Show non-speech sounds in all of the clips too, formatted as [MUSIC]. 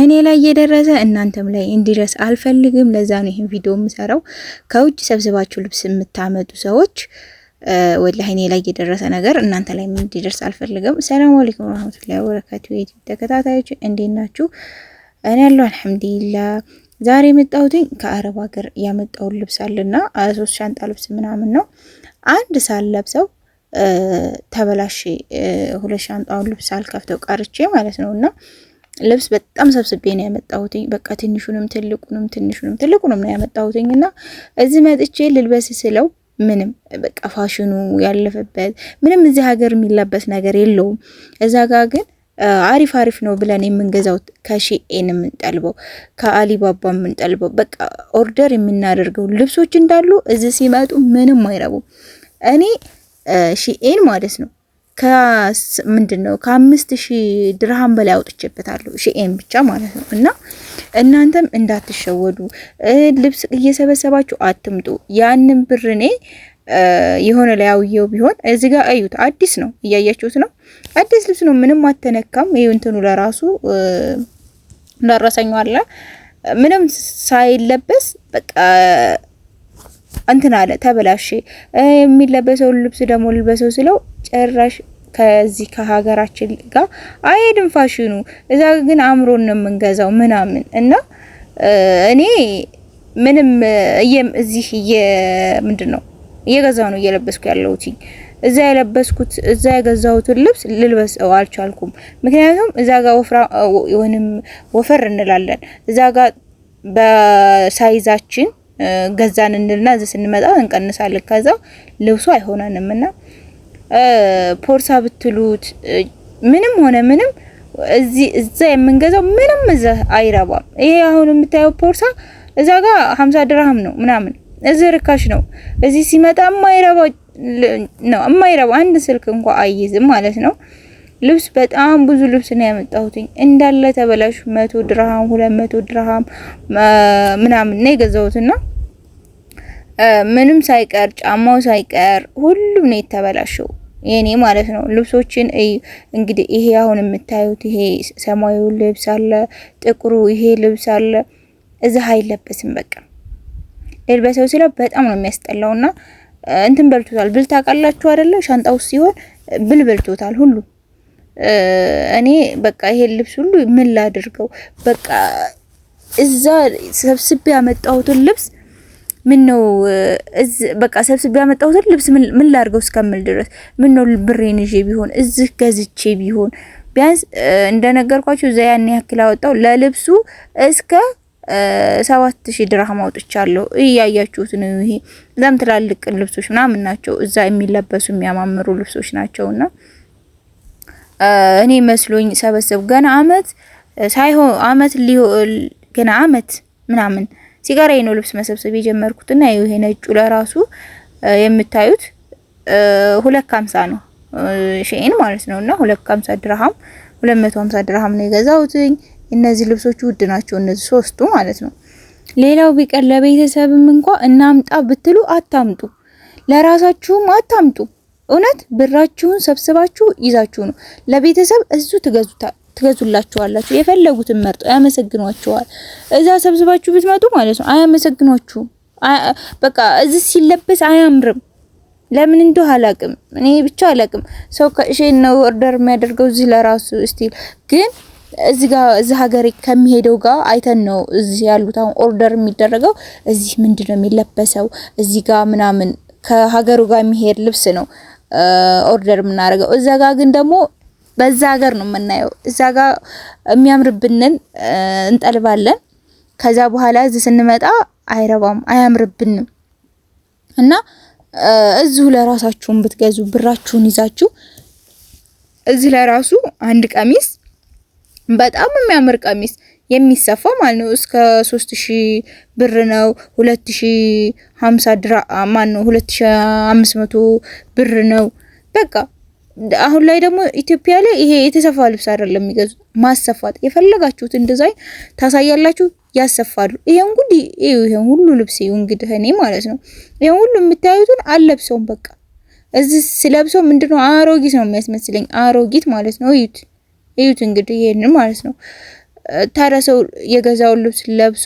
እኔ ላይ እየደረሰ እናንተም ላይ እንዲደርስ አልፈልግም። ለዛ ነው ይህን ቪዲዮ የምሰራው። ከውጭ ሰብስባችሁ ልብስ የምታመጡ ሰዎች ወላ እኔ ላይ የደረሰ ነገር እናንተ ላይ እንዲደርስ አልፈልግም። ሰላም አለይኩም ወራህመቱላሂ ወበረካቱ። የዩቲዩብ ተከታታዮች እንዴት ናችሁ? እኔ ያለው አልሐምዱሊላህ። ዛሬ የመጣሁትኝ ከአረብ ሀገር ያመጣውን ልብስ አለና ሶስት ሻንጣ ልብስ ምናምን ነው አንድ ሳልለብሰው ተበላሽ ሁለት ሻንጣውን ልብስ አልከፍተው ቀርቼ ማለት ነው እና ልብስ በጣም ሰብስቤ ነው ያመጣሁትኝ። በቃ ትንሹንም ትልቁንም ትንሹንም ትልቁንም ነው ያመጣሁትኝ እና እዚህ መጥቼ ልልበስ ስለው ምንም በቃ ፋሽኑ ያለፈበት ምንም እዚህ ሀገር የሚለበስ ነገር የለውም። እዛ ጋ ግን አሪፍ አሪፍ ነው ብለን የምንገዛው ከሺኤን የምንጠልበው ከአሊባባ የምንጠልበው በቃ ኦርደር የምናደርገው ልብሶች እንዳሉ እዚህ ሲመጡ ምንም አይረቡም። እኔ ሺኤን ማለት ነው ምንድን ነው ከአምስት ሺህ ድርሃም በላይ አውጥቼበታለሁ ሺኤም ብቻ ማለት ነው። እና እናንተም እንዳትሸወዱ ልብስ እየሰበሰባችሁ አትምጡ። ያንን ብር እኔ የሆነ ላይ አውየው ቢሆን እዚህ ጋር እዩት። አዲስ ነው፣ እያያችሁት ነው። አዲስ ልብስ ነው፣ ምንም አተነካም። ይህ እንትኑ ለራሱ ለረሰኛው አለ ምንም ሳይለበስ በቃ እንትን አለ ተበላሽ። የሚለበሰው ልብስ ደግሞ ልበሰው ስለው ጭራሽ ከዚህ ከሀገራችን ጋር አይሄድም ፋሽኑ። እዛ ግን አእምሮን ነው የምንገዛው ምናምን እና እኔ ምንም እዚህ ምንድን ነው እየገዛ ነው እየለበስኩ ያለሁት እዛ የለበስኩት እዛ የገዛሁትን ልብስ ልልበሰው አልቻልኩም። ምክንያቱም እዛ ጋር ወፍራ ወንም ወፈር እንላለን እዛ ጋር በሳይዛችን ገዛን እንልና እዚህ ስንመጣ እንቀንሳለን። ከዛ ልብሱ አይሆነንም እና ፖርሳ ብትሉት ምንም ሆነ ምንም እዚ እዛ የምንገዛው ምንም እዛ አይረባም። ይሄ አሁን የምታየው ፖርሳ እዛ ጋር 50 ድርሃም ነው ምናምን፣ እዚ ርካሽ ነው። እዚህ ሲመጣ የማይረባ ነው የማይረባ አንድ ስልክ እንኳ አይይዝም ማለት ነው። ልብስ በጣም ብዙ ልብስ ነው ያመጣሁትኝ እንዳለ ተበላሽ። መቶ ድርሃም ሁለት መቶ ድርሃም ምናምን ነው የገዛሁትና ምንም ሳይቀር ጫማው ሳይቀር ሁሉም ነው የተበላሸው። የኔ ማለት ነው። ልብሶችን እንግዲህ ይሄ አሁን የምታዩት ይሄ ሰማያዊ ልብስ አለ፣ ጥቁሩ ይሄ ልብስ አለ። እዛ አይለበስም። በቃ ልልበሰው ሲለ በጣም ነው የሚያስጠላውና እንትን በልቶታል። ብል ታውቃላችሁ አይደለ? ሻንጣ ውስጥ ሲሆን ብል በልቶታል ሁሉ እኔ በቃ ይሄ ልብስ ሁሉ ምን ላድርገው? በቃ እዛ ሰብስቤ ያመጣሁትን ልብስ ምን ነው እዚ በቃ ሰብስቤ ያመጣሁትን ልብስ ምን ላርገው እስከምል ድረስ ምን ነው ብሬን ይዤ ቢሆን እዚህ ገዝቼ ቢሆን ቢያንስ እንደነገርኳችሁ እዛ ያን ያክል አወጣው ለልብሱ እስከ ሰባት ሺህ ድርሃም አውጥቻለሁ። እያያችሁት ነው። ይሄ በጣም ትላልቅ ልብሶች ምናምን ናቸው። እዛ የሚለበሱ የሚያማምሩ ልብሶች ናቸውና እኔ መስሎኝ ሰበሰብ ገና አመት ሳይሆን አመት ሊሆን ገና አመት ምናምን ሲጋራ ነው ልብስ መሰብሰብ የጀመርኩትና ይሄ ነጩ ለራሱ የምታዩት ሁለት ከሀምሳ ነው ሼን ማለት ነው። እና ሁለት ከሀምሳ ድርሃም ሁለት መቶ ሀምሳ ድርሃም ነው የገዛሁትኝ። እነዚህ ልብሶች ውድ ናቸው፣ እነዚህ ሶስቱ ማለት ነው። ሌላው ቢቀር ለቤተሰብም እንኳ እናምጣ ብትሉ አታምጡ፣ ለራሳችሁም አታምጡ። እውነት ብራችሁን ሰብስባችሁ ይዛችሁ ነው ለቤተሰብ እዙ ትገዙታል ትገዙላችኋላችሁ። የፈለጉትን መርጠው ያመሰግኗችኋል። እዛ ሰብስባችሁ ብትመጡ ማለት ነው አያመሰግኗችሁም። በቃ እዚህ ሲለበስ አያምርም። ለምን እንደው አላቅም፣ እኔ ብቻ አላቅም። ሰው ከሼን ነው ኦርደር የሚያደርገው እዚህ ለራሱ ስቲል ግን እዚህ ጋር እዚህ ሀገር ከሚሄደው ጋር አይተን ነው እዚህ ያሉት አሁን ኦርደር የሚደረገው እዚህ ምንድን ነው የሚለበሰው እዚህ ጋር ምናምን ከሀገሩ ጋር የሚሄድ ልብስ ነው ኦርደር የምናደርገው። እዛ ጋር ግን ደግሞ በዛ ሀገር ነው የምናየው። እዛ ጋር የሚያምርብንን እንጠልባለን። ከዛ በኋላ እዚህ ስንመጣ አይረባም፣ አያምርብንም እና እዚሁ ለራሳችሁን ብትገዙ ብራችሁን ይዛችሁ እዚህ ለራሱ አንድ ቀሚስ በጣም የሚያምር ቀሚስ የሚሰፋ ማለት ነው እስከ 3000 ብር ነው። 2050 ድራ ማን ነው 2500 ብር ነው። በቃ አሁን ላይ ደግሞ ኢትዮጵያ ላይ ይሄ የተሰፋ ልብስ አይደለም የሚገዙት። ማሰፋት የፈለጋችሁትን ዲዛይን ታሳያላችሁ፣ ያሰፋሉ። ይሄን ጉድ ይሄን ሁሉ ልብስ ይሁን እንግዲህ እኔ ማለት ነው ይሄን ሁሉ የምታዩትን አለብሰውም በቃ እዚህ ስለብሰው ምንድነው አሮጊት ነው የሚያስመስለኝ፣ አሮጊት ማለት ነው። እዩት፣ እዩት እንግዲህ ይሄን ማለት ነው። ታዲያ ሰው የገዛውን ልብስ ለብሶ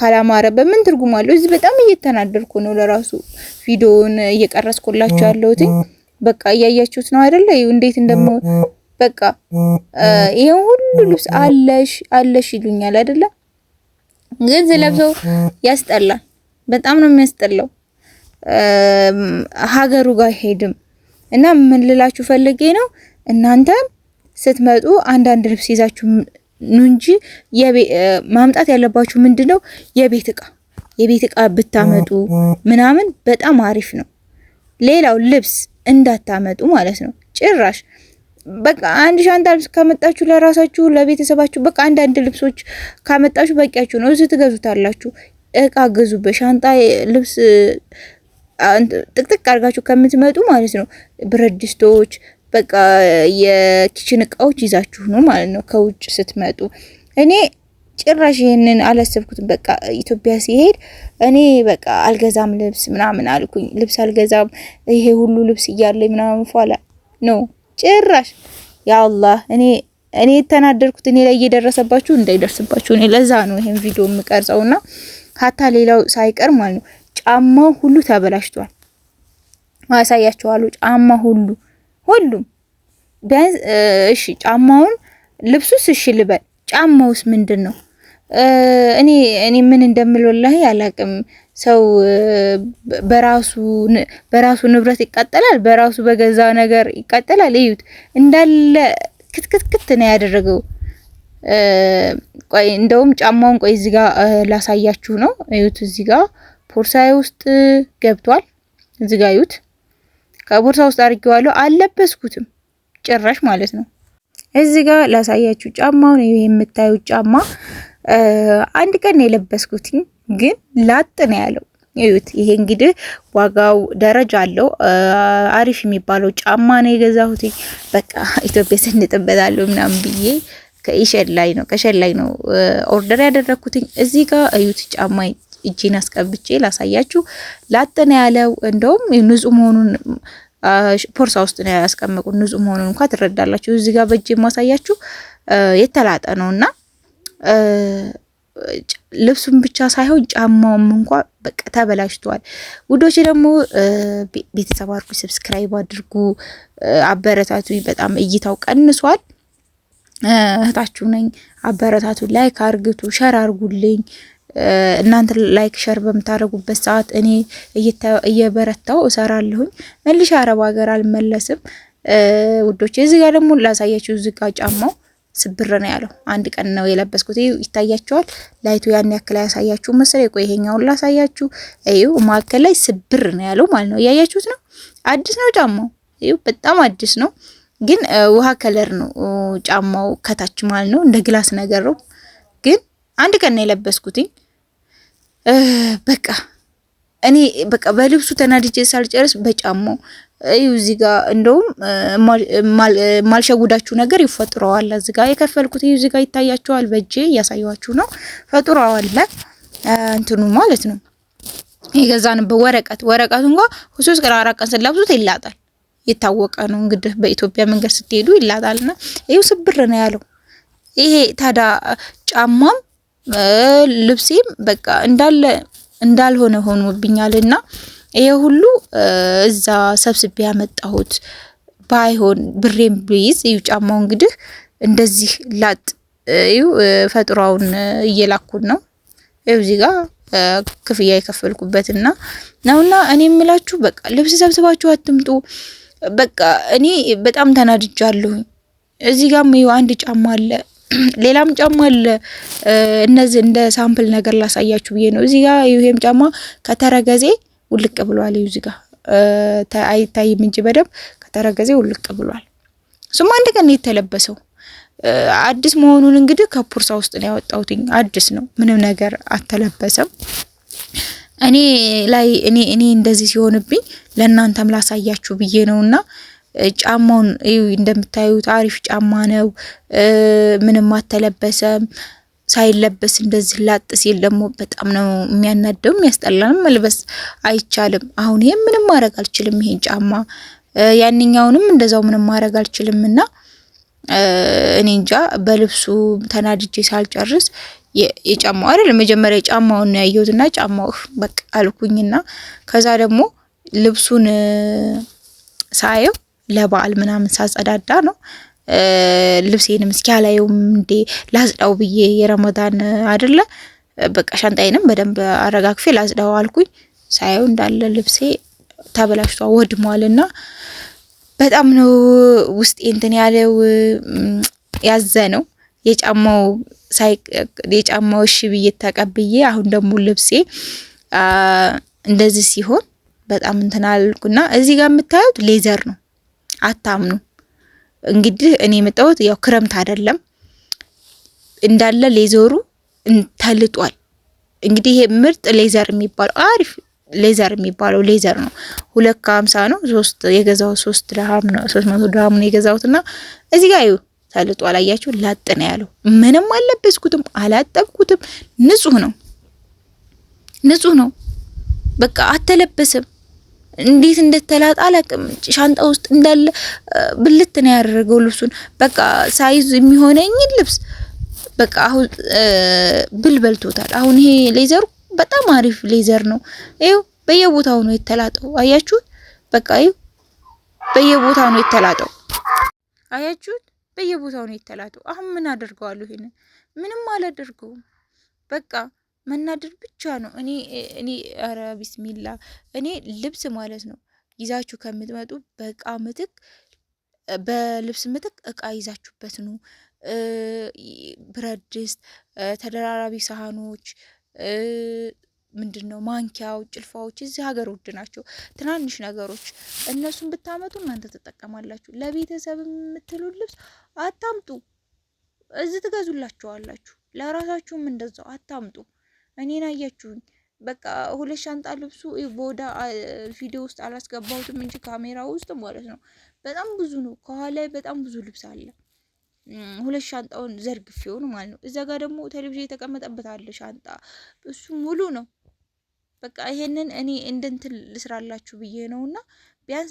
ካላማረ በምን ትርጉም አለው? እዚህ በጣም እየተናደርኩ ነው ለራሱ ቪዲዮውን እየቀረስኩላችሁ ያለሁትኝ በቃ እያያችሁት ነው አይደለ? እንዴት እንደሞ በቃ ይሄን ሁሉ ልብስ አለሽ አለሽ ይሉኛል አይደለ? ግን ዝለብሰው ያስጠላል። በጣም ነው የሚያስጠላው። ሀገሩ ጋር አይሄድም። እና ምን ልላችሁ ፈልጌ ነው እናንተ ስትመጡ አንዳንድ ልብስ ይዛችሁ ኑ እንጂ ማምጣት ያለባችሁ ምንድነው የቤት እቃ የቤት እቃ ብታመጡ ምናምን በጣም አሪፍ ነው። ሌላው ልብስ እንዳታመጡ ማለት ነው። ጭራሽ በቃ አንድ ሻንጣ ልብስ ካመጣችሁ ለራሳችሁ ለቤተሰባችሁ፣ በቃ አንዳንድ ልብሶች ካመጣችሁ በቂያችሁ ነው። እዚህ ትገዙታላችሁ። እቃ ግዙበት። ሻንጣ ልብስ ጥቅጥቅ አድርጋችሁ ከምትመጡ ማለት ነው ብረት ድስቶች፣ በቃ የኪችን እቃዎች ይዛችሁ ነው ማለት ነው ከውጭ ስትመጡ እኔ ጭራሽ ይህንን አላሰብኩትም። በቃ ኢትዮጵያ ሲሄድ እኔ በቃ አልገዛም ልብስ ምናምን አልኩኝ። ልብስ አልገዛም ይሄ ሁሉ ልብስ እያለ ምናምን ፏላ ነው ጭራሽ ያ አላህ እኔ እኔ የተናደርኩት እኔ ላይ እየደረሰባችሁ እንዳይደርስባችሁ እኔ ለዛ ነው ይሄን ቪዲዮ እና ሀታ ሌላው ሳይቀር ማለት ነው። ጫማው ሁሉ ተበላሽቷል። አሳያችኋለሁ። ጫማ ሁሉ ሁሉም ቢያንስ እሺ ጫማውን ልብሱስ እሺ ልበል ጫማውስ ምንድን ነው? እኔ እኔ ምን እንደምልወላሂ አላቅም። ሰው በራሱ በራሱ ንብረት ይቃጠላል፣ በራሱ በገዛ ነገር ይቃጠላል። እዩት እንዳለ ክትክትክት ነው ያደረገው። ቆይ እንደውም ጫማውን ቆይ እዚህ ጋር ላሳያችሁ ነው። እዩት እዚህ ጋር ቦርሳዬ ውስጥ ገብቷል። እዚህ ጋር እዩት፣ ከቦርሳ ውስጥ አድርጌዋለሁ፣ አለበስኩትም ጭራሽ ማለት ነው። እዚህ ጋር ላሳያችሁ ጫማውን፣ ይሄ የምታዩት ጫማ አንድ ቀን የለበስኩትኝ ግን ላጥ ነው ያለው። እዩት። ይሄ እንግዲህ ዋጋው ደረጃ አለው። አሪፍ የሚባለው ጫማ ነው የገዛሁት። በቃ ኢትዮጵያ ስንጥበታለሁ ምናምን ብዬ ከኢሸን ላይ ነው ከሸን ላይ ነው ኦርደር ያደረግኩትኝ። እዚህ ጋር እዩት ጫማ እጄን አስቀብቼ ላሳያችሁ። ላጥ ነው ያለው። እንደውም ንጹህ መሆኑን ፖርሳ ውስጥ ነው ያስቀመቁት። ንጹህ መሆኑን እንኳ ትረዳላችሁ። እዚህ ጋር በእጄ ማሳያችሁ የተላጠ ነው እና ልብሱን ብቻ ሳይሆን ጫማውም እንኳ በቃ ተበላሽቷል። ውዶች ደግሞ ቤተሰብ አድርጉ፣ ሰብስክራይብ አድርጉ፣ አበረታቱኝ። በጣም እይታው ቀንሷል። እህታችሁ ነኝ፣ አበረታቱ። ላይክ አርግቱ፣ ሸር አርጉልኝ። እናንተ ላይክ ሸር በምታደርጉበት ሰዓት እኔ እየበረታው እሰራለሁኝ። መልሼ አረብ ሀገር አልመለስም ውዶች። እዚህ ጋር ደግሞ ላሳያችሁ፣ እዚህ ጋር ጫማው ስብር ነው ያለው። አንድ ቀን ነው የለበስኩት። ይታያችኋል፣ ላይቱ ያን ያክል አያሳያችሁ መሰለኝ። ቆይ ይሄኛውን ላሳያችሁ። ይኸው መካከል ላይ ስብር ነው ያለው ማለት ነው። እያያችሁት ነው። አዲስ ነው ጫማው። ይኸው በጣም አዲስ ነው፣ ግን ውሃ ከለር ነው ጫማው ከታች ማለት ነው። እንደ ግላስ ነገር ነው፣ ግን አንድ ቀን ነው የለበስኩት በቃ እኔ በቃ በልብሱ ተናድጄ ሳልጨርስ በጫማው እዩ እዚህ ጋር እንደውም ማልሸጉዳችሁ ነገር ይፈጥረዋል። እዚህ ጋር የከፈልኩት እዩ እዚህ ጋር ይታያችኋል። በእጄ እያሳየኋችሁ ነው። ፈጥረዋል እንትኑ ማለት ነው የገዛንበት ወረቀት ወረቀቱ እንኳ ሶስት ቀን አራት ቀን ስለብሱት ይላጣል። የታወቀ ነው እንግዲህ በኢትዮጵያ መንገድ ስትሄዱ ይላጣል። ይላጣልና ይኸው ስብር ነው ያለው። ይሄ ታዲያ ጫማም ልብሴም በቃ እንዳለ እንዳልሆነ ሆኖብኛል ሆኖብኛልና ይሄ ሁሉ እዛ ሰብስቤ ያመጣሁት ባይሆን ብሬም ብይዝ እዩ። ጫማው እንግዲህ እንደዚህ ላጥ እዩ። ፈጥሯውን እየላኩን ነው ይኸው እዚህ ጋር ክፍያ የከፈልኩበት እና ነውና እኔ የምላችሁ በቃ ልብስ ሰብስባችሁ አትምጡ። በቃ እኔ በጣም ተናድጃለሁ እዚህ ጋርም ይኸው አንድ ጫማ አለ፣ [CLEARS THROAT] ሌላም ጫማ አለ። እነዚህ እንደ ሳምፕል ነገር ላሳያችሁ ብዬ ነው። እዚህ ጋር ይሄም ጫማ ከተረገዜ ውልቅ ብሏል። እዩ እዚጋ አይታይም እንጂ በደንብ ከተረገዜ ውልቅ ብሏል። እሱም አንድ ቀን የተለበሰው። አዲስ መሆኑን እንግዲህ ከፑርሳ ውስጥ ነው ያወጣሁትኝ። አዲስ ነው፣ ምንም ነገር አልተለበሰም። እኔ ላይ እኔ እኔ እንደዚህ ሲሆንብኝ ለእናንተም ላሳያችሁ ብዬ ነውና ጫማውን እንደምታዩት አሪፍ ጫማ ነው። ምንም አልተለበሰም። ሳይለበስ እንደዚህ ላጥ ሲል ደግሞ በጣም ነው የሚያናደው የሚያስጠላንም መልበስ አይቻልም። አሁን ይሄ ምንም ማድረግ አልችልም፣ ይሄን ጫማ ያንኛውንም እንደዛው ምንም ማድረግ አልችልም። እና እኔ እንጃ በልብሱ ተናድጄ ሳልጨርስ የጫማው አይደለ መጀመሪያ ጫማውን ያየሁትና ጫማው በቃ አልኩኝና ከዛ ደግሞ ልብሱን ሳየው ለበዓል ምናምን ሳጸዳዳ ነው ልብሴንም እስኪ አላየውም እንዴ ላጽዳው ብዬ የረመዳን አይደለ በቃ ሻንጣዬንም በደንብ አረጋግፌ ላጽዳው አልኩኝ። ሳየው እንዳለ ልብሴ ተበላሽቷ ወድሟልና በጣም ነው ውስጤ እንትን ያለው ያዘ ነው የጫማው ሳይ የጫማው እሺ ብዬ ተቀብዬ አሁን ደግሞ ልብሴ እንደዚህ ሲሆን በጣም እንትን አልኩና እዚህ ጋር የምታዩት ሌዘር ነው። አታምኑ እንግዲህ እኔ የመጣሁት ያው ክረምት አይደለም እንዳለ ሌዘሩ ተልጧል። እንግዲህ ይሄ ምርጥ ሌዘር የሚባለው አሪፍ ሌዘር የሚባለው ሌዘር ነው። ሁለት ከሀምሳ ነው ሶስት የገዛው ሶስት ድርሃም ነው ሶስት መቶ ድርሃም ነው የገዛሁትና እዚህ ጋር ተልጦ አላያችሁ ላጥ ነው ያለው። ምንም አለበስኩትም አላጠብኩትም። ንጹህ ነው፣ ንጹህ ነው። በቃ አተለበስም። እንዴት እንደተላጠ አላውቅም። ሻንጣ ውስጥ እንዳለ ብልት ነው ያደረገው ልብሱን። በቃ ሳይዝ የሚሆነኝ ልብስ በቃ አሁን ብል በልቶታል። አሁን ይሄ ሌዘሩ በጣም አሪፍ ሌዘር ነው። ይኸው በየቦታው ነው የተላጠው። አያችሁት? በቃ ይኸው በየቦታው ነው የተላጠው። አያችሁት? በየቦታው ነው የተላጠው። አሁን ምን አደርገዋለሁ? ይሄንን ምንም አላደርገውም። በቃ መናደድ ብቻ ነው። እኔ እኔ ኧረ ቢስሚላ እኔ ልብስ ማለት ነው ይዛችሁ ከምትመጡ በእቃ ምትክ በልብስ ምትክ እቃ ይዛችሁበት ነው። ብረት ድስት፣ ተደራራቢ ሳህኖች ምንድን ነው ማንኪያው፣ ጭልፋዎች እዚህ ሀገር ውድ ናቸው። ትናንሽ ነገሮች እነሱን ብታመጡ እናንተ ትጠቀማላችሁ። ለቤተሰብ የምትሉ ልብስ አታምጡ፣ እዚህ ትገዙላችኋላችሁ። ለራሳችሁም እንደዛው አታምጡ። እኔን አያችሁኝ። በቃ ሁለት ሻንጣ ልብሱ ቦዳ ቪዲዮ ውስጥ አላስገባሁትም እንጂ ካሜራ ውስጥ ማለት ነው። በጣም ብዙ ነው። ከኋላ በጣም ብዙ ልብስ አለ። ሁለት ሻንጣውን ዘርግፌው ነው ማለት ነው። እዛ ጋር ደግሞ ቴሌቪዥን የተቀመጠበት አለ ሻንጣ፣ እሱ ሙሉ ነው። በቃ ይሄንን እኔ እንደንትን ልስራላችሁ ብዬ ነው እና ቢያንስ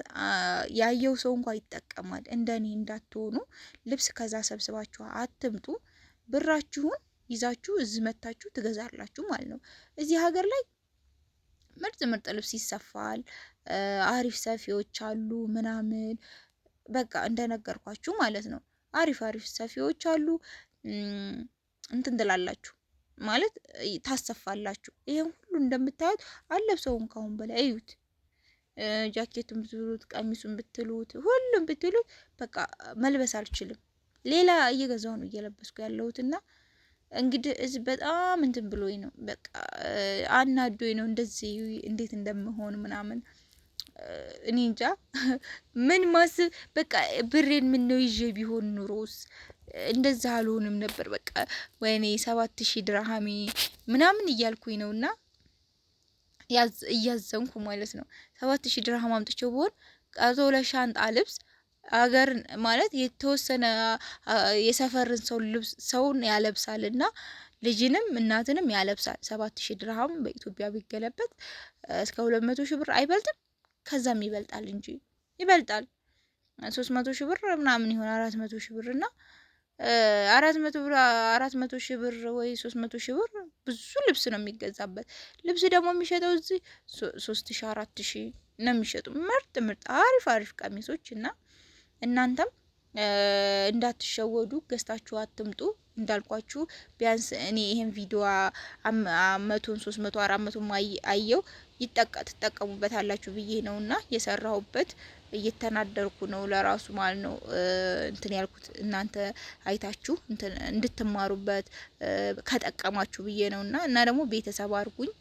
ያየው ሰው እንኳ ይጠቀማል። እንደኔ እንዳትሆኑ ልብስ ከዛ ሰብስባችሁ አትምጡ ብራችሁን ይዛችሁ እዚህ መታችሁ ትገዛላችሁ ማለት ነው። እዚህ ሀገር ላይ ምርጥ ምርጥ ልብስ ይሰፋል። አሪፍ ሰፊዎች አሉ ምናምን በቃ እንደነገርኳችሁ ማለት ነው። አሪፍ አሪፍ ሰፊዎች አሉ። እንትን ትላላችሁ ማለት ታሰፋላችሁ። ይሄን ሁሉ እንደምታዩት አለብሰውን ካሁን በላይ እዩት። ጃኬቱን ብትሉት ቀሚሱን ብትሉት ሁሉም ብትሉት በቃ መልበስ አልችልም። ሌላ እየገዛው ነው እየለበስኩ ያለሁትና እንግዲህ እዚ በጣም እንትን ብሎኝ ነው በቃ አናዶኝ ነው እንደዚህ እንዴት እንደምሆን ምናምን እኔ እንጃ [LAUGHS] ምን ማስብ በቃ ብሬን ምን ነው ይዤ ቢሆን ኑሮስ እንደዛ አልሆንም ነበር። በቃ ወይኔ ሰባት ሺ ድርሃሜ ምናምን እያልኩኝ ነው እና እያዘንኩ ማለት ነው ሰባት ሺ ድርሃም አምጥቼው ብሆን ቀዞ ለሻንጣ ልብስ አገር ማለት የተወሰነ የሰፈርን ሰው ልብስ ሰውን ያለብሳል እና ልጅንም እናትንም ያለብሳል። ሰባት ሺ ድርሃም በኢትዮጵያ ቢገለበት እስከ ሁለት መቶ ሺ ብር አይበልጥም፣ ከዛም ይበልጣል እንጂ ይበልጣል። ሶስት መቶ ሺ ብር ምናምን ይሆን አራት መቶ ሺ ብር እና አራት መቶ ብር አራት መቶ ሺ ብር ወይ ሶስት መቶ ሺ ብር ብዙ ልብስ ነው የሚገዛበት። ልብስ ደግሞ የሚሸጠው እዚህ ሶስት ሺ አራት ሺ ነው የሚሸጡ ምርጥ ምርጥ አሪፍ አሪፍ ቀሚሶች እና እናንተም እንዳትሸወዱ ገዝታችሁ አትምጡ። እንዳልኳችሁ ቢያንስ እኔ ይሄን ቪዲዮ መቶን ሶስት መቶ አራት መቶ አየው ይጠቀ አላችሁ ብዬ ነውና የሰራሁበት እየተናደርኩ ነው ለራሱ ማለት ነው እንትን ያልኩት እናንተ አይታችሁ እንድትማሩበት ከጠቀማችሁ ብዬ ነውና እና ደግሞ ቤተሰብ አድርጉኝ፣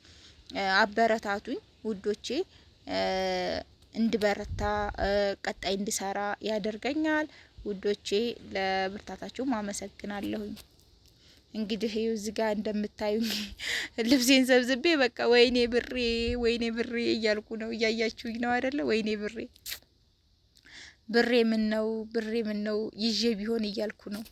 አበረታቱኝ ውዶቼ። እንድበረታ ቀጣይ እንድሰራ ያደርገኛል። ውዶቼ ለብርታታችሁም አመሰግናለሁኝ። እንግዲህ ይኸው እዚህ ጋር እንደምታዩ [LAUGHS] ልብሴን ሰብስቤ በቃ ወይኔ ብሬ ወይኔ ብሬ እያልኩ ነው። እያያችሁኝ ነው አይደለ? ወይኔ ብሬ ብሬ ምን ነው ብሬ ምን ነው ይዤ ቢሆን እያልኩ ነው።